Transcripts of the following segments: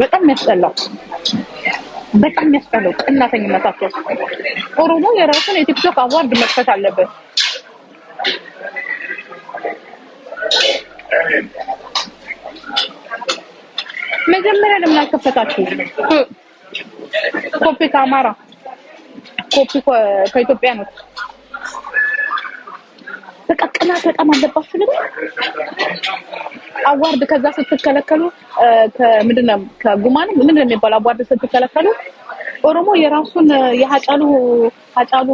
በጣም ያስጠላው በጣም ያስጠላው ቅናተኝነታቸው። ኦሮሞ የራሱን የቲክቶክ አዋርድ መክፈት አለበት። መጀመሪያ ለምን አልከፈታችሁ? ኮፒ ከአማራ ኮፒ ከኢትዮጵያ ነው። በቃ ቅናት በጣም አለባችሁ። ልብ አዋርድ ከዛ ስትከለከሉ ምንድን ነው ከጉማንም ምንድን ነው የሚባለው አዋርድ ስትከለከሉ ኦሮሞ የራሱን የሀጫሉ ሀጫሉ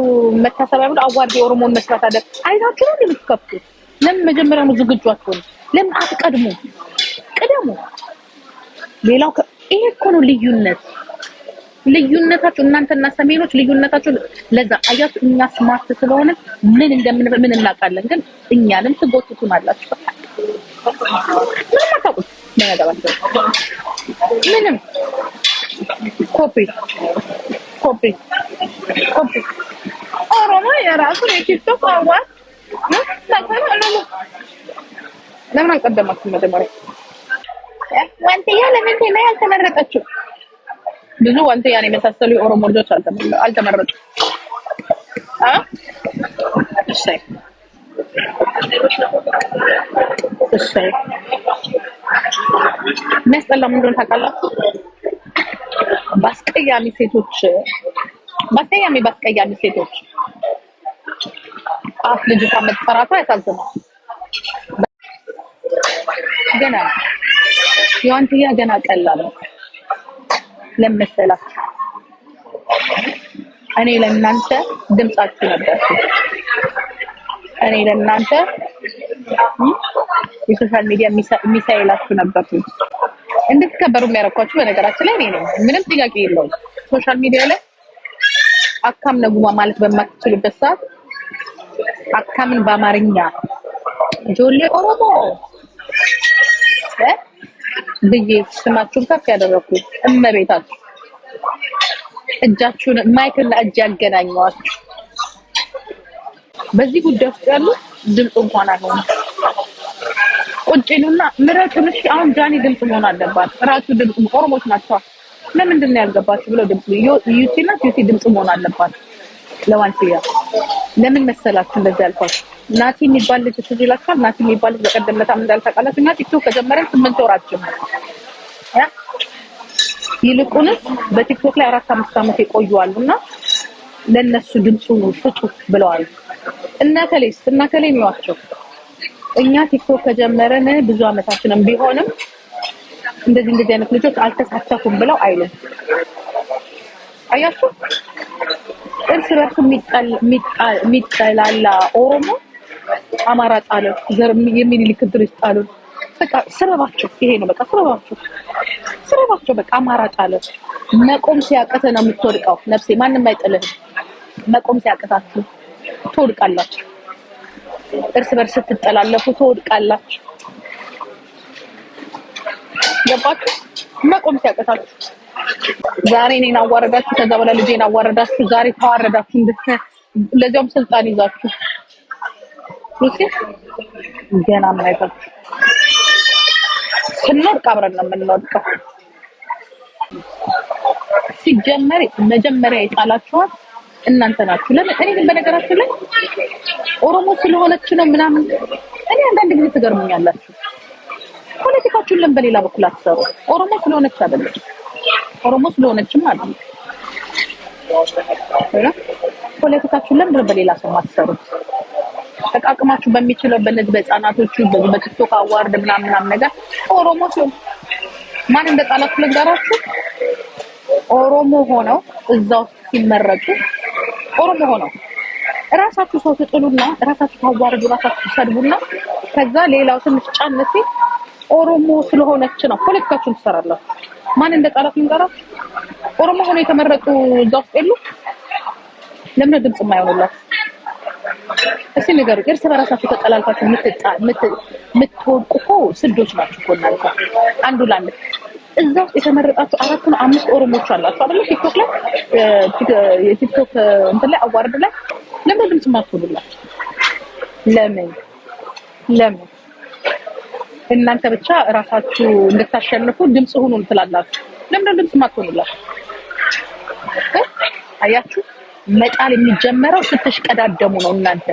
መታሰቢያ ብሎ አዋርድ የኦሮሞን መስራት አለ። አይታችሁ ነው የምትከፍቱት። ለምን መጀመሪያ ነው ዝግጁ አትሆኑ? ለምን አትቀድሙ? ቅደሙ። ሌላው ይሄ እኮ ነው ልዩነት። ልዩነታችሁ እናንተና ሰሜኖች ልዩነታችሁ ለዛ አያችሁ። እኛ ስማርት ስለሆነ ምን እንደምን ምን እናውቃለን፣ ግን እኛንም ትጎትቱናላችሁ። ምንም ምን ያገባቸው ምንም ኮፒ ኮፒ ኮፒ ኦሮሞ የራሱ የቲክቶክ አዋት ለምን አልቀደማችሁ መጀመሪያ? ዋንትያ ለምንድን ነው ያልተመረጠችው? ብዙ ዋልትያን የመሳሰሉ የኦሮሞ ልጆች አልተመረጡ እሰይ እሰይ የሚያስጠላ ምን እንደሆነ ታውቃላችሁ? በአስቀያሚ ሴቶች በአስቀያሚ በአስቀያሚ ሴቶች አፍ ልጅቷ መጠራቷ ያሳዝናል። ገና የዋንትያ ገና ቀላል ነው። ለመሰላችሁ እኔ ለእናንተ ድምጻችሁ ነበርኩ። እኔ ለእናንተ የሶሻል ሚዲያ ሚሳይላችሁ ነበርኩ። እንድትከበሩ የሚያረኳችሁ በነገራችን ላይ እኔ ነው። ምንም ጥያቄ የለውም። ሶሻል ሚዲያ ላይ አካም ነጉማ ማለት በማትችሉበት ሰዓት አካምን በአማርኛ ጆሌ ኦሮሞ ብዬ ስማችሁን ከፍ ያደረኩት እመቤታችሁ እጃችሁን ማይክና እጅ ያገናኘዋችሁ በዚህ ጉዳይ ውስጥ ያሉ ድምፅ እንኳን አልሆነ ቁጭኑና ምረጡን። እስኪ አሁን ጃኒ ድምፅ መሆን አለባት። ራሱ ድምፅ ኦሮሞች ናቸው። ለምንድን ነው ያልገባችሁ ብለው ድምፅ ዩቲ ናት። ዩቲ ድምፅ መሆን አለባት። ለዋንቲያ ለምን መሰላችሁ እንደዚህ ያልኳችሁ? ናቲ የሚባል ልጅ ትዝ ይላችኋል? ናቲ የሚባል ልጅ በቀደም ዕለት እንዳልታውቃላት እኛ ቲክቶክ ከጀመረን ስምንት ወራችን ይልቁንስ በቲክቶክ ላይ አራት አምስት ዓመት የቆዩ አሉና ለነሱ ድምፁ ፍጡ ብለዋል። እና ከሌስ እና ከሌ የሚዋቸው እኛ ቲክቶክ ከጀመረን ብዙ አመታችንም ቢሆንም እንደዚህ እንደዚህ አይነት ልጆች አልተሳተፉም ብለው አይሉም። አያችሁ እርስ በርሱ የሚጠላላ ኦሮሞ አማራ ጣለ ዘር የሚኒሊክ ድርጅት ጣለን። በቃ ስረባቸው ይሄ ነው። በቃ ስረባቸው ስረባቸው በቃ አማራ ጣለ። መቆም ሲያቅትህ ነው የምትወድቀው ነፍሴ። ማንም አይጥልህም። መቆም ሲያቅታችሁ ትወድቃላችሁ። እርስ በርስ ስትጠላለፉ ትወድቃላችሁ። ገባችሁ? መቆም ሲያቅታችሁ ዛሬ እኔን አዋረዳችሁ፣ ከዛ በኋላ ልጄን አዋረዳችሁ። ዛሬ ተዋረዳችሁ፣ ለዚያውም ስልጣን ይዛችሁ ሚስት ገና የማይፈት ስንወድቅ አብረን ነው የምንወድቀው። ሲጀመር መጀመሪያ የጣላችኋት እናንተ ናችሁ። ለምን እኔ ግን በነገራችሁ ላይ ኦሮሞ ስለሆነች ነው ምናምን እኔ አንዳንድ ጊዜ ትገርሙኛላችሁ። ፖለቲካችሁን ለምን በሌላ በኩል አትሰሩ? ኦሮሞ ስለሆነች አይደለም፣ ኦሮሞ ስለሆነችም አይደለም። ፖለቲካችሁን ለምን በሌላ ሰው አትሰሩት? ተቃቅማችሁ በሚችለው በነዚህ በህፃናቶቹ በቲክቶክ አዋርድ ምናምን ምናምን ነገር ኦሮሞ ሲሆን ማን እንደ ጣላት ልንገራችሁ። ኦሮሞ ሆነው እዛው ሲመረጡ ኦሮሞ ሆነው እራሳችሁ ሰው ትጥሉና እራሳችሁ ታዋርዱ፣ እራሳችሁ ትሰድቡና ከዛ ሌላው ትንሽ ጫን ሲል ኦሮሞ ስለሆነች ነው ፖለቲካችሁን ትሰራላችሁ። ማን እንደ ጣላት ልንገራችሁ። ኦሮሞ ሆነው የተመረጡ እዛ ውስጥ የሉ። ለምን ድምጽ የማይሆንላችሁ? እስቲ ንገሩ። እርስ በራሳችሁ ተጠላልፋችሁ የምትወድቁ እኮ ስዶች ናችሁ እኮ እናንተ። አንዱ ለአንድ እዛ ውስጥ የተመረጣችሁ አራት ነው አምስት ኦሮሞች አላችሁ አይደለ? ቲክቶክ ላይ የቲክቶክ እንትን ላይ አዋርድ ላይ ለምን ድምፅ ማትሆኑላችሁ? ለምን ለምን እናንተ ብቻ እራሳችሁ እንድታሸንፉ ድምፅ ሁኑ ትላላችሁ? ለምን ድምፅ ማትሆኑላችሁ? አያችሁ መጣል የሚጀመረው ስትሽቀዳደሙ ነው እናንተ።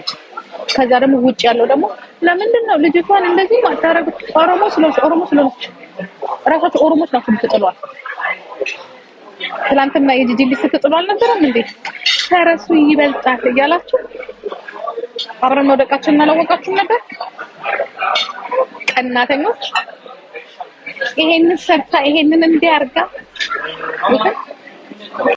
ከዛ ደግሞ ውጭ ያለው ደግሞ ለምንድን ነው ልጅቷን እንደዚህ ማታረጉት? ኦሮሞ ስለሆነች ኦሮሞ ስለሆነች ራሳቸው ኦሮሞች ናቸው የምትጥሏል። ትላንትና የጂጂ ልጅ ስትጥሉ አልነበረም እንዴ? ተረሱ ይበልጣል እያላችሁ አብረን መውደቃችንን አላወቃችሁም ነበር? ቀናተኞች። ይሄንን ሰርታ ይሄንን እንዲያርጋ